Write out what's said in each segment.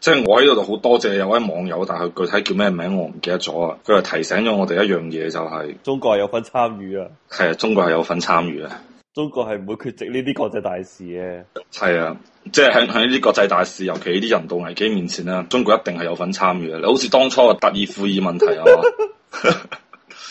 即係我喺度就好多謝有位網友，但係佢具體叫咩名我唔記得咗啊！佢係提醒咗我哋一樣嘢就係、是，中國係有份參與啊！係啊，中國係有份參與啊！中國係唔會缺席呢啲國際大事嘅。係啊，即係喺喺呢啲國際大事，尤其呢啲人道危機面前啦，中國一定係有份參與嘅。你好似當初嘅達爾富爾問題啊，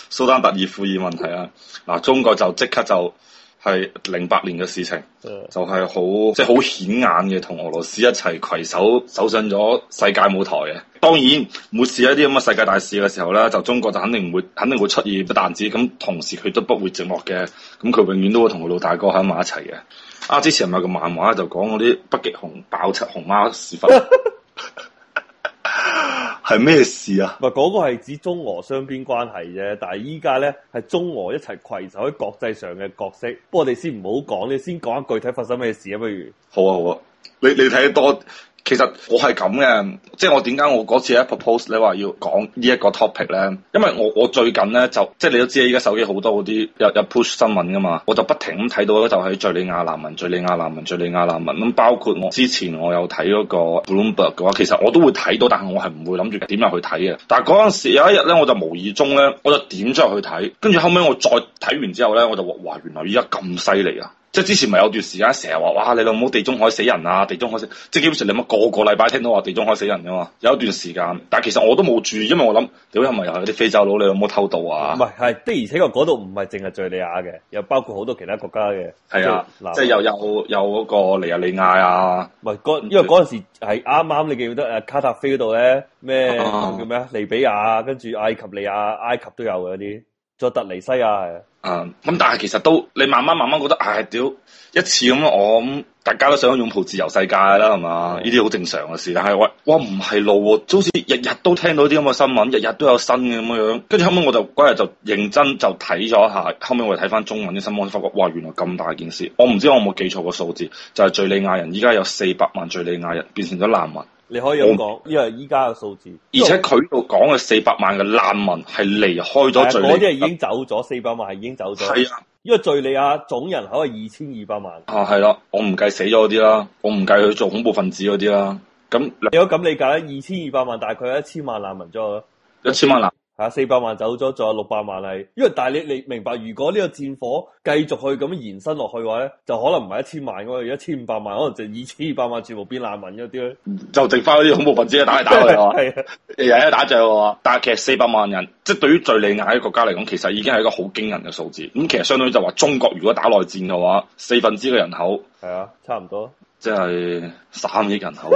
蘇 丹達爾富爾問題啊，嗱，中國就即刻就。係零八年嘅事情，Yeah. 就係好即係好顯眼嘅，同俄羅斯一齊攜手走上咗世界舞台嘅。當然，每次一啲咁嘅世界大事嘅時候咧，就中國就肯定唔會肯定會出現，不但止咁，同時佢都不會寂寞嘅。咁佢永遠都會同佢老大哥喺埋一齊嘅。Yeah. 啊，之前咪個漫畫就講嗰啲北極熊爆出熊貓屎忽。 係咩事啊？唔係嗰個係指中俄雙邊關係啫，但係依家咧係中俄一齊攜手喺國際上嘅角色。不過我哋先唔好講，你先講下具體發生咩事啊？不如好啊好啊，你你睇多。其實我係咁嘅，即係我點解我嗰次喺 propose 你話要講呢一個 topic 咧？因為我我最近咧就即係你都知，依家手機好多嗰啲有有 push 新聞噶嘛，我就不停咁睇到咧，就喺敘利亞難民、敘利亞難民、敘利亞難民咁。包括我之前我有睇嗰個 Bloomberg 嘅話，其實我都會睇到，但係我係唔會諗住點入去睇嘅。但係嗰陣時有一日咧，我就無意中咧，我就點咗入去睇，跟住後尾我再睇完之後咧，我就話，哇！原來依家咁犀利啊！即係之前咪有段時間成日話哇，你老母地中海死人啊？地中海死人，即係基本上你老母個個禮拜聽到話地中海死人噶嘛？有一段時間，但係其實我都冇住，因為我諗，屌又唔係嗰啲非洲佬，你有冇偷渡啊？唔係，的而且確嗰度唔係淨係敍利亞嘅，又包括好多其他國家嘅。係啊的，即係又有有嗰個尼日利亞啊。唔係因為嗰陣時係啱啱你記得誒卡塔菲度咧咩叫咩啊？利比亞，跟住埃及、利亞、埃及都有嘅啲，佐特尼西亞。啊！咁、嗯、但係其實都你慢慢慢慢覺得，唉、哎、屌！一次咁，我大家都想擁抱自由世界啦，係嘛？呢啲好正常嘅事。但係我，哇唔係路喎，就好似日日都聽到啲咁嘅新聞，日日都有新嘅咁樣。跟住後屘我就嗰日就認真就睇咗一下，後屘我睇翻中文啲新聞，發覺哇！原來咁大件事，我唔知我有冇記錯個數字，就係叙利亞人依家有四百萬敘利亞人變成咗難民。你可以咁講，呢個係依家嘅數字，而且佢度講嘅四百萬嘅難民係離開咗敍利亞，嗰啲係已經走咗，四百萬係已經走咗。係啊，因為敍利亞總人口係二千二百萬。啊，係啦、啊，我唔計死咗嗰啲啦，我唔計佢做恐怖分子嗰啲啦。咁如果咁理解，二千二百萬大概有一千萬難民咗。一千萬難民。啊，四百萬走咗，仲有六百萬係，因為，但係你你明白，如果呢個戰火繼續去咁延伸落去嘅話咧，就可能唔係一千萬而，我哋一千五百萬，可能就二千二百萬全部變難民嗰啲咧，就剩翻嗰啲恐怖分子打嚟打， 打，打去係嘛，日日打仗係。但係其實四百萬人，即係對於敘利亞嘅國家嚟講，其實已經係一個好驚人嘅數字。咁其實相當於就話中國如果打內戰嘅話，四分之嘅人口係啊，差唔多，即係三億人口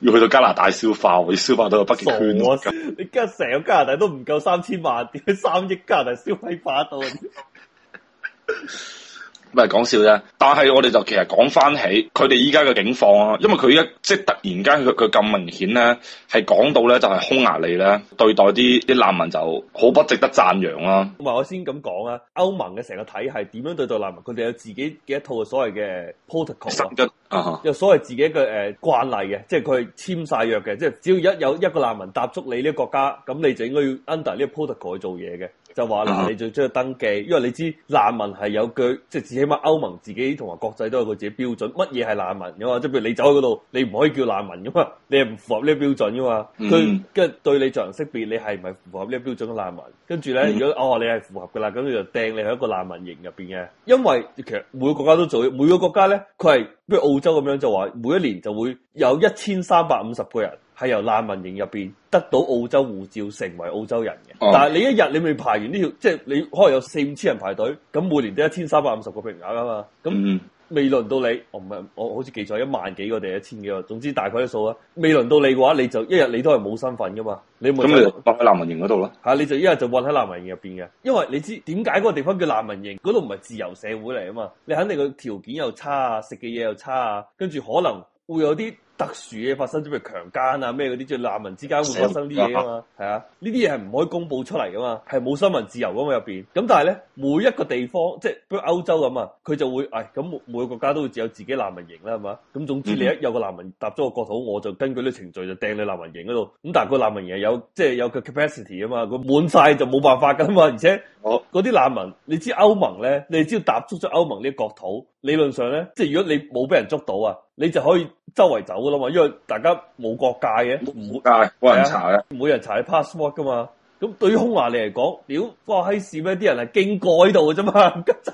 要去到加拿大消化，要消化到個北極圈。傻我、啊，你加成個加拿大都唔夠三千萬點，點解三億加拿大消費化得到？ 唔係講笑啫，但係我哋就其實講翻起佢哋依家嘅境況啊，因為佢一即係突然間佢佢咁明顯咧，係講到咧就係、是、匈牙利咧對待啲啲難民就好不值得讚揚啦、啊。同埋、嗯、我先咁講啊，歐盟嘅成個體系點樣對待難民？佢哋有自己嘅一套所謂嘅 protocol，、啊、有所謂自己一個誒慣例嘅，即係佢係簽晒約嘅，即係只要一有一個難民踏足你呢個國家，咁你就應該要 under 呢個 protocol 去做嘢嘅。就話嗱，你就要出去登記，因為你知難民係有據，即係至起碼歐盟自己同埋國際都有個自己標準，乜嘢係難民噶嘛？即係譬如你走去嗰度，你唔可以叫難民噶嘛，你唔符合呢個標準噶嘛？佢跟住對你進行識別，你係唔係符合呢個標準嘅難民？跟住咧，如果哦你係符合噶啦，咁你就掟你喺一個難民營入邊嘅。因為其實每個國家都做，每個國家咧佢係，譬如澳洲咁樣就話，每一年就會有一千三百五十個人。係由難民營入邊得到澳洲護照，成為澳洲人嘅。嗯、但係你一日你未排完呢條，即係你可能有四五千人排隊，咁每年都一千三百五十個配額啊嘛。咁未輪到你，我唔係，我好似記錯，一萬幾個定一千幾個，總之大概嘅數啊。未輪到你嘅話，你就一日你都係冇身份噶嘛。你每咁咪放喺難民營嗰度咯。嚇，你就一日就混喺難民營入邊嘅，因為你知點解嗰個地方叫難民營？嗰度唔係自由社會嚟啊嘛。你肯定個條件又差啊，食嘅嘢又差啊，跟住可能會有啲，特殊嘅發生，即係強姦啊，咩嗰啲即係難民之間會發生啲嘢啊嘛，係 啊，呢啲嘢係唔可以公佈出嚟噶嘛，係冇新聞自由咁入邊。咁但係咧，每一個地方即係，譬如歐洲咁啊，佢就會，哎，咁每個國家都會只有自己難民營啦，係嘛？咁總之你一有一個難民踏咗個國土，我就根據啲程序就掟你難民營嗰度。咁但係個難民營有即係、就是、有個 capacity 啊嘛，佢滿晒就冇辦法噶嘛。而且嗰啲難民，你知歐盟咧，你只要踏足咗歐盟呢啲國土，理論上咧，即係如果你冇俾人捉到啊，你就可以，周圍走噶啦嘛，因為大家冇國界嘅，冇界，冇人,、啊、人查嘅，每人查 passport 噶嘛。咁對於匈牙利嚟講，屌瓜閪事咩？啲人係經過喺度嘅啫嘛，唔得走，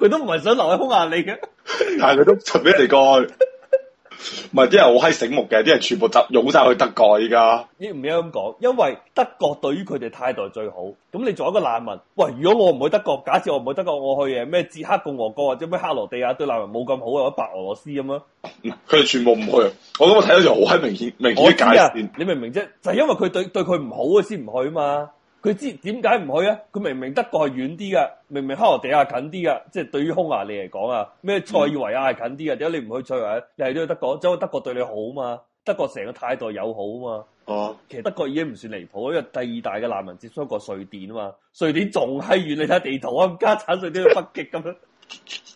佢都唔係想留喺匈牙利嘅， 但係佢都尋邊嚟過。 唔係啲人好閪醒目嘅，啲人全部集湧晒去德國依家。你唔應該咁講，因為德國對於佢哋態度最好。咁你做一個難民，喂，如果我唔去德國，假設我唔去德國，我去嘅咩捷克共和國或者咩克羅地亞對難民冇咁好，或者白俄羅斯咁樣，佢哋全部唔去。我咁我睇到就好閪明顯明顯嘅界線，啊、你明唔明啫、啊？就係，因為佢對對佢唔好啊，先唔去嘛。佢知點解唔去啊？佢明明德國係遠啲噶，明明克羅地亞近啲噶，即係對於匈牙利嚟講啊，咩塞爾維亞係近啲噶，點解你唔去塞爾維亞？又係去德國，因為德國對你好啊嘛，德國成個態度友好啊嘛。哦、啊，其實德國已經唔算離譜，因為第二大嘅難民接收國瑞典啊嘛，瑞典仲係遠，你睇下地圖啊，家產瑞典都要北極咁樣。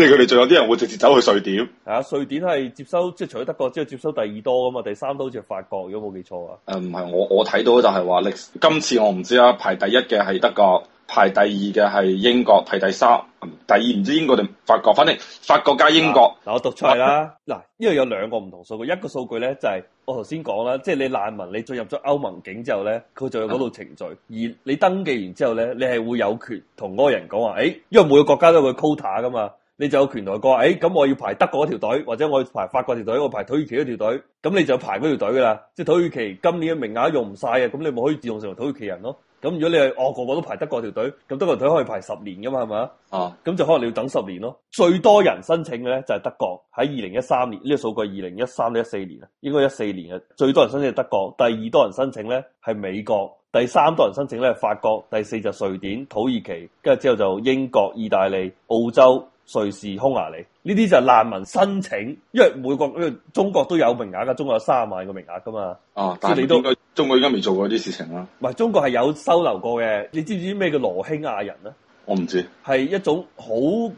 即係佢哋仲有啲人會直接走去瑞典，係啊！瑞典係接收，即係除咗德國，之後接收第二多噶嘛，第三都好似係法國，如果冇記錯啊。誒、嗯，唔係我我睇到，就係話歷今次我唔知啊。排第一嘅係德國，排第二嘅係英國，排第三，嗯、第二唔知英國定法國。反正法國加英國嗱，啊、我讀出嚟啦。嗱我、啊，因為有兩個唔同數據，一個數據咧就係、是、我頭先講啦，即、就、係、是、你難民你進入咗歐盟境之後咧，佢就有嗰度程序。嗯、而你登記完之後咧，你係會有權同嗰個人講話，誒、欸，因為每個國家都會 quota 噶嘛。你就有權待過，誒、哎、咁我要排德國一條隊，或者我要排法國條隊，我排土耳其一條隊，咁你就排嗰條隊噶啦。即係土耳其今年嘅名額用唔晒啊，咁你咪可以自動成為土耳其人咯。咁如果你係我、哦、個個都排德國條隊，咁德國條隊可以排十年噶嘛，係咪啊？咁、嗯、就可能你要等十年咯。最多人申請嘅咧就係德國，喺二零一三年呢、呢個數據，二零一三到一四年啊，應該一四年啊，最多人申請係德國，第二多人申請咧係美國，第三多人申請咧係法國，第四就瑞典、土耳其，跟住之後就英國、意大利、澳洲。瑞士、匈牙利呢啲就難民申請，因為每個因為中國都有名額噶，中國有三萬個名額噶嘛。啊，但係你都中國而家未做過啲事情啊。唔係，中國係有收留過嘅。你知唔知咩叫羅興亞人咧？我唔知，係一種好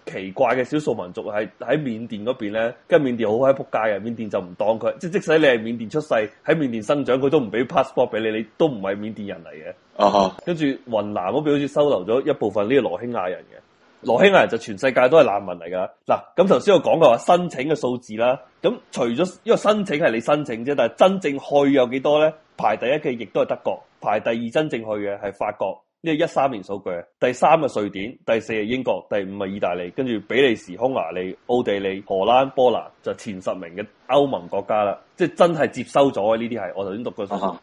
奇怪嘅少數民族，係喺緬甸嗰邊咧，跟緬甸好喺撲街嘅。緬甸就唔當佢，即即使你係緬甸出世喺緬甸生長，佢都唔俾 passport 俾你，你都唔係緬甸人嚟嘅。啊哈，跟住雲南嗰邊好似收留咗一部分呢個羅興亞人嘅。羅興亞就全世界都係難民嚟噶。嗱，咁頭先我講嘅話，申請嘅數字啦，咁除咗因為申請係你申請啫，但係真正去有幾多咧？排第一嘅亦都係德國，排第二真正去嘅係法國。呢個一三年數據，第三個瑞典，第四係英國，第五係意大利，跟住比利時、匈牙利、奧地利、荷蘭、波蘭，就是、前十名嘅歐盟國家啦。即係真係接收咗呢啲係。我頭先讀過數，咁、啊、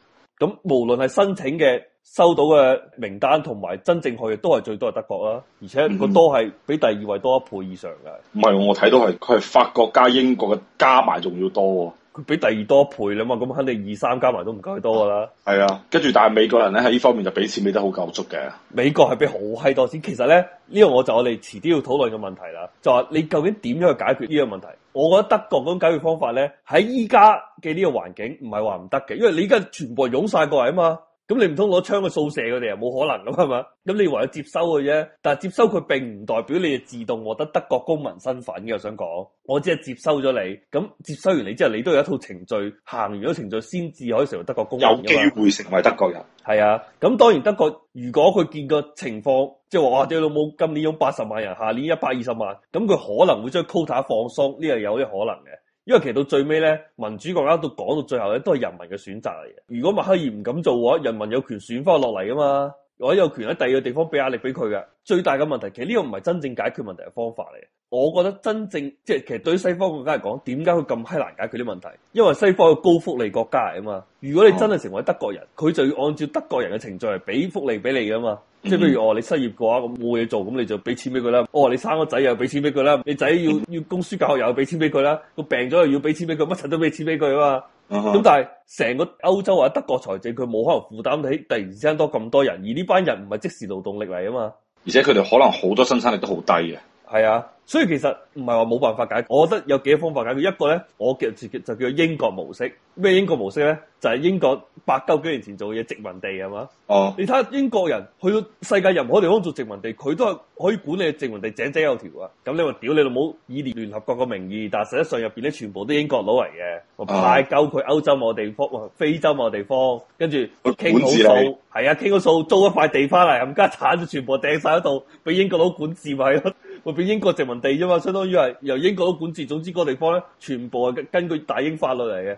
無論係申請嘅。收到嘅名單同埋真正去嘅都係最多係德國啦，而且個多係比第二位多一倍以上嘅。唔係、嗯、我睇到係佢係法國加英國嘅，加埋仲要多、哦，佢比第二多一倍啦嘛，咁肯定二三加埋都唔夠佢多噶啦。係、嗯、啊，跟住但係美國人咧喺呢方面就俾錢俾得好夠足嘅。美國係俾好閪多錢，其實咧呢個我就我哋遲啲要討論嘅問題啦，就話你究竟點樣去解決呢個問題？我覺得德國咁解決方法咧喺依家嘅呢個環境唔係話唔得嘅，因為你而家全部湧晒過嚟啊嘛。咁你唔通攞槍去掃射佢哋啊？冇可能咯，係嘛？咁你唯有接收佢啫。但係接收佢並唔代表你係自動獲得德國公民身份嘅。我想講，我只係接收咗你。咁接收完你之後，你都有一套程序，行完咗程序先至可以成為德國公民。有機會成為德國人。係啊，咁當然德國，如果佢見個情況，即係話哇，你老母今年用八十萬人，下年一百二十萬，咁佢可能會將 quota 放鬆，呢個有啲可能嘅。因為其實到最尾咧，民主國家都講到最後咧，都係人民嘅選擇嚟嘅。如果默克爾唔敢做嘅話，人民有權選翻落嚟噶嘛？我有權喺第二個地方俾壓力俾佢嘅。最大嘅問題，其實呢個唔係真正解決問題嘅方法嚟。我覺得真正即係其實對於西方國家嚟講，點解佢咁係難解決啲問題？因為西方係個高福利國家嚟啊嘛。如果你真係成為德國人，佢就要按照德國人嘅程序嚟俾福利俾你噶嘛。即係譬如哦，你失業嘅話，咁冇嘢做，咁你就俾錢俾佢啦。哦，你生個仔又俾錢俾佢啦。你仔要、嗯、要供書教學又俾錢俾佢啦。佢病咗又要俾錢俾佢，乜春都俾錢俾佢啊嘛。咁、嗯、但係成個歐洲或者德國財政，佢冇可能負擔起突然之間多咁多人，而呢班人唔係即時勞動力嚟啊嘛。而且佢哋可能好多生產力都好低嘅。係啊，所以其實唔係話冇辦法解決，我覺得有幾個方法解決、嗯、一個咧，我嘅自己就叫英國模式。咩英國模式咧？就係、是、英國百九幾年前做嘅嘢，殖民地係嘛？哦，你睇下英國人去到世界任何地方做殖民地，佢都係可以管理殖民地井井有條啊。咁你話屌你，你冇以聯合國嘅名義，但係實質上入邊咧，全部都英國佬嚟嘅，派鳩佢歐洲某個地方，非洲某個地方，跟住傾好數係啊，傾個數租一塊地翻嚟，冚家鏟就全部掟晒喺度，俾英國佬管治咪咯？變英國殖民地嘛，相當於係由英國都管治。總之個地方咧，全部係根據大英法律嚟嘅。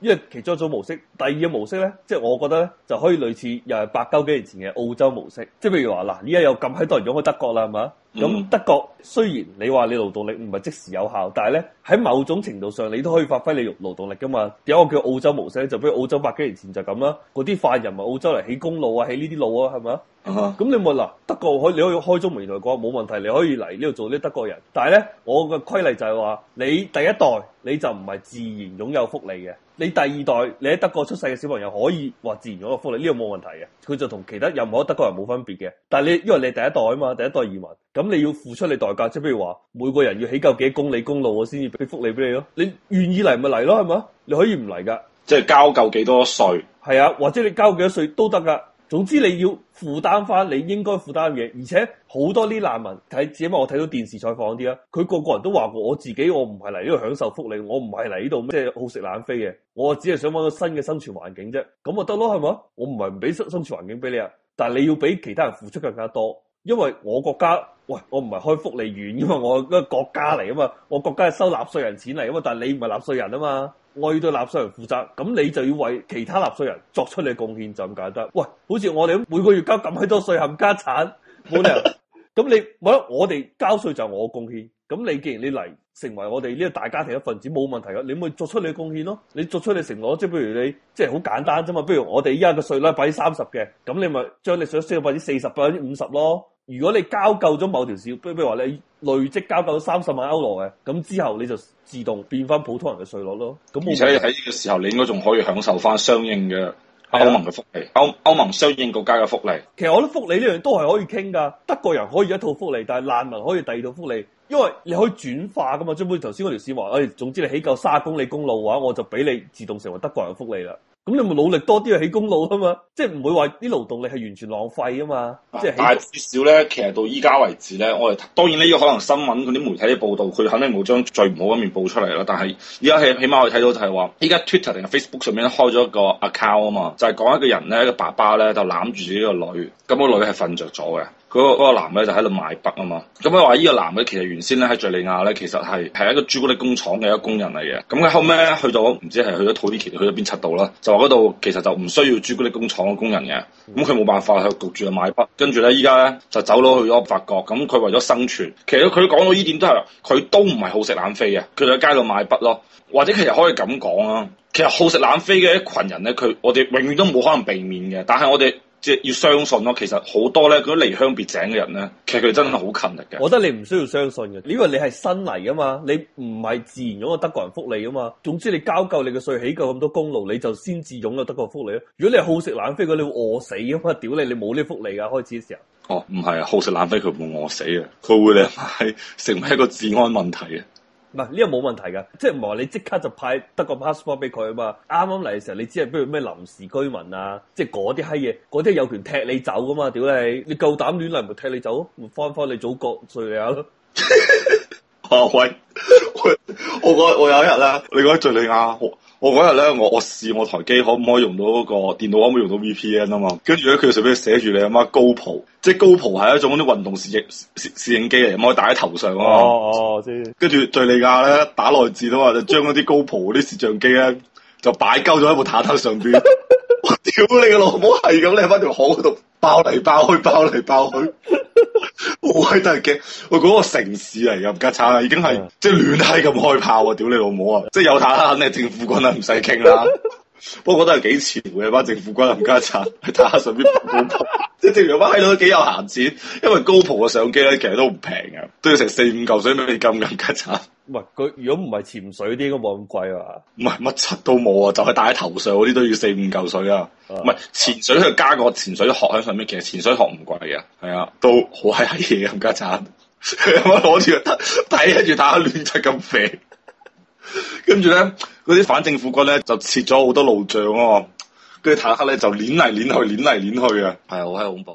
因為其中一種模式，第二嘅模式呢，即係我覺得就可以類似又係八九十年前嘅澳洲模式。即係譬如話嗱，依家有咁閪多人湧去德國啦，係嘛？咁、嗯、德國雖然你話你勞動力唔係即時有效，但係咧喺某種程度上你都可以發揮你勞動力噶嘛？點解我叫澳洲模式咧？就比如澳洲百幾年前就咁啦，嗰啲犯人咪澳洲嚟起公路啊、起呢啲路啊，係咪？咁你冇嗱德國可以你可以開中門嚟講冇問題，你可以嚟呢度做啲德國人。但係咧，我嘅規例就係話你第一代你就唔係自然擁有福利嘅，你第二代你喺德國出世嘅小朋友可以話自然擁有福利，呢、這個冇問題嘅。佢就同其他任何德國人冇分別嘅。但係你因為你第一代啊嘛，第一代移民。咁你要付出你代價，即係譬如話，每個人要起夠幾公里公路，我先至俾福利俾你咯。你願意嚟咪嚟咯，係嘛？你可以唔嚟噶，即係交夠幾多稅，係啊，或者你交幾多稅都得噶。總之你要負擔翻你應該負擔嘅，而且好多啲難民睇，起碼我睇到電視採訪嗰啲啊，佢個個人都話過，我自己我唔係嚟呢度享受福利，我唔係嚟呢度即係好食懶飛嘅，我只係想搵個新嘅生存環境啫，咁咪得咯，係嘛？我唔係唔俾生生存環境俾你啊，但係你要俾其他人付出更加多。因為我國家喂，我唔係開福利院㗎嘛，我一個國家嚟啊嘛，我國家係收納稅人錢嚟啊嘛，但係你唔係納稅人啊嘛，我要對納稅人負責，咁你就要為其他納稅人作出你貢獻就咁簡單。喂，好似我哋每個月交咁閪多稅冚家產，冇理由。咁 你冇，我哋交稅就係我貢獻。咁你既然你嚟成為我哋呢個大家庭一份子，冇問題啊，你咪作出你貢獻咯。你作出你承諾，即係譬如你即係好簡單啫嘛。不如我哋依家嘅稅率百分之三十嘅，咁你咪將你想升到百分之四十、百分之五十咯。如果你交夠咗某條線，比如話你累積交夠咗三十萬歐羅嘅，咁之後你就自動變翻普通人嘅稅率咯。而且喺呢個時候，你應該仲可以享受翻相應嘅歐盟嘅福利，歐歐的盟相應國家嘅福利。其實我覺得福利呢樣都係可以傾噶，德國人可以一套福利，但係難民可以第二套福利，因為你可以轉化噶嘛。除非頭先嗰條線話，誒、哎，總之你起夠三公里公路嘅話，我就俾你自動成為德國人嘅福利啦。咁你咪努力多啲去起公路啊嘛，即係唔會話啲勞動力係完全浪費啊嘛，即係但係至少咧，其實到依家為止咧，我哋當然呢個可能個新聞佢啲媒體嘅報道，佢肯定冇將最唔好一面報出嚟啦。但係依家起起碼我哋睇到就係話，依家 Twitter 定係 Facebook 上面開咗一個 account 啊嘛，就係、是、講一個人咧，一個爸爸咧就攬住自己個女、那個女，咁個女係瞓着咗嘅。嗰個男嘅就喺度賣筆啊嘛，咁佢話依個男嘅其實原先咧喺敍利亞咧，其實係係一個朱古力工廠嘅一個工人嚟嘅，咁佢後尾咧去到唔知係去咗土耳其，去咗邊七度啦，就話嗰度其實就唔需要朱古力工廠嘅工人嘅，咁佢冇辦法喺度焗住去賣筆，跟住咧依家咧就走佬去咗法國，咁佢為咗生存，其實佢講到呢點都係，佢都唔係好食懶飛嘅，佢就喺街度賣筆咯，或者其實可以咁講啊，其實好食懶飛嘅一群人咧，佢我哋永遠都冇可能避免嘅，但係我哋。即係要相信咯，其實好多咧，嗰啲離鄉別井嘅人咧，其實佢真係好勤力嘅。我覺得你唔需要相信嘅，因為你係新嚟噶嘛，你唔係自然擁有德國人福利啊嘛。總之你交夠你嘅稅，起夠咁多公路，你就先至擁有德國福利啊。如果你係好食懶飛，你會餓死啊！唔屌你，你冇呢福利噶，開始嘅時候。哦，唔係啊，好食懶飛佢會餓死嘅，佢會咧係成為一個治安問題嘅。唔係呢個冇問題㗎，即係唔係話你即刻就派德國 passport 俾佢啊嘛？啱啱嚟嘅時候你只係比如咩臨時居民啊，即係嗰啲閪嘢，嗰啲有權踢你走㗎嘛？屌你，你夠膽亂嚟，咪踢你走，咪翻返你祖國敍利亞咯？阿威、 啊喂， 我我有一日咧，你講敍利亞，我我嗰日咧，我呢我，我試我台機可唔可以用到嗰個電腦可唔可以用到 VPN 啊嘛？跟住咧佢就上邊寫住你阿媽高普。GoPro。即係 GoPro 係一種嗰啲運動攝影攝攝影機嚟，咁可以戴喺頭上啊嘛。哦哦，知。跟住敘利亞咧打內戰都話，就將嗰啲 GoPro 嗰啲攝像機咧就擺鳩咗喺部坦克上邊。屌 你個老母，係咁拎翻條河度爆嚟爆去，爆嚟爆去，好閪得驚。喂，嗰個城市嚟，又唔加餐啊，已經係 即係亂閪咁開炮啊！屌你老母啊，即係有坦克肯定係政府軍啊，唔使傾啦。 不過我都係幾潮嘅，班政府軍冚家鏟，喺打下上邊，即係仲有班閪佬都幾有閒錢，因為高普嘅相機咧，其實都唔平啊，都要成四五嚿水美金咁。冚家鏟，唔係佢如果唔係潛水啲，應該冇咁貴啊。唔係乜七都冇啊，就係戴喺頭上嗰啲都要四五嚿水啊。唔係潛水係加個潛水殼喺上面，其實潛水殼唔貴嘅，係啊，都好閪閪嘢。冚家鏟，我攞住睇住打下亂七咁肥。 跟住咧，啲反政府軍咧就設咗好多路障哦，跟住坦克咧就攆嚟攆去，攆嚟攆去啊，係好閪恐怖。